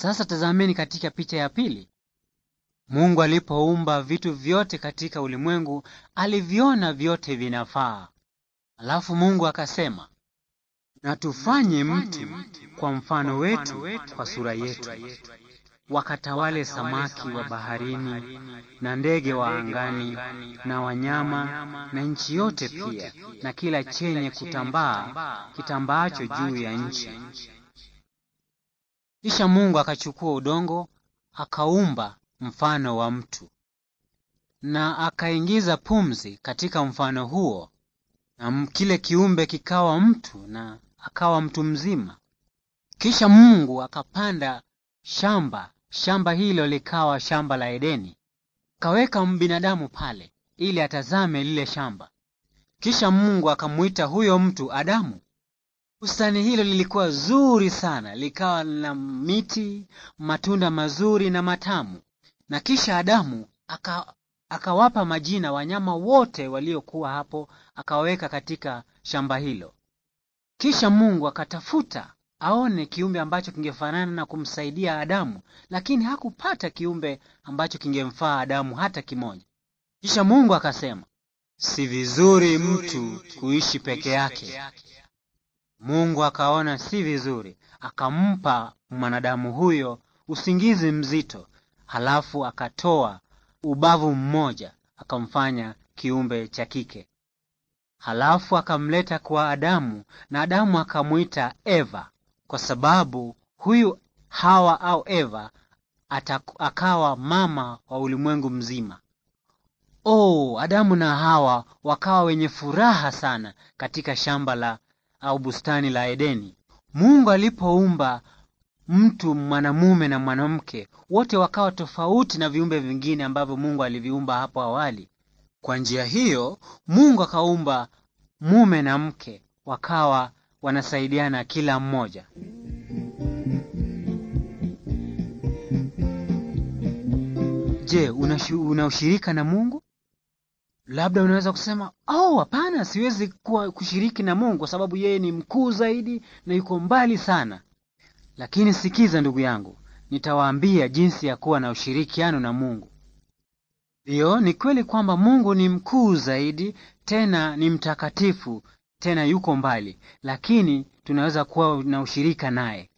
Sasa tazameni katika picha ya pili. Mungu alipoumba vitu vyote katika ulimwengu, aliviona vyote vinafaa. Alafu Mungu akasema, na tufanye mti kwa mfano wetu, kwa sura yetu, wakatawale samaki wa baharini na ndege wa angani na wanyama na nchi yote pia, na kila chenye kutambaa kitambaacho juu ya nchi. Kisha Mungu akachukua udongo, akaumba mfano wa mtu, na akaingiza pumzi katika mfano huo, na kile kiumbe kikawa mtu, na akawa mtu mzima. Kisha Mungu akapanda shamba, shamba hilo likawa shamba la Edeni, akaweka binadamu pale ili atazame lile shamba. Kisha Mungu akamwita huyo mtu Adamu. Bustani hilo lilikuwa zuri sana, likawa na miti, matunda mazuri na matamu. Na kisha Adamu aka, akawapa majina wanyama wote waliokuwa hapo, akawaweka katika shamba hilo. Kisha Mungu akatafuta aone kiumbe ambacho kingefanana na kumsaidia Adamu, lakini hakupata kiumbe ambacho kingemfaa Adamu hata kimoja. Kisha Mungu akasema, si vizuri mtu kuishi peke yake, Mungu akaona si vizuri, akampa mwanadamu huyo usingizi mzito, halafu akatoa ubavu mmoja akamfanya kiumbe cha kike, halafu akamleta kwa Adamu na Adamu akamwita Eva, kwa sababu huyu Hawa au Eva ataku, akawa mama wa ulimwengu mzima. Oh, Adamu na Hawa wakawa wenye furaha sana katika shamba la au bustani la Edeni. Mungu alipoumba mtu mwanamume na mwanamke, wote wakawa tofauti na viumbe vingine ambavyo Mungu aliviumba hapo awali. Kwa njia hiyo, Mungu akaumba mume na mke, wakawa wanasaidiana kila mmoja. Je, una ushirika na Mungu? Labda unaweza kusema oh, hapana, siwezi kuwa kushiriki na Mungu kwa sababu yeye ni mkuu zaidi na yuko mbali sana. Lakini sikiza, ndugu yangu, nitawaambia jinsi ya kuwa na ushirikiano na Mungu. Ndiyo, ni kweli kwamba Mungu ni mkuu zaidi, tena ni mtakatifu, tena yuko mbali, lakini tunaweza kuwa na ushirika naye.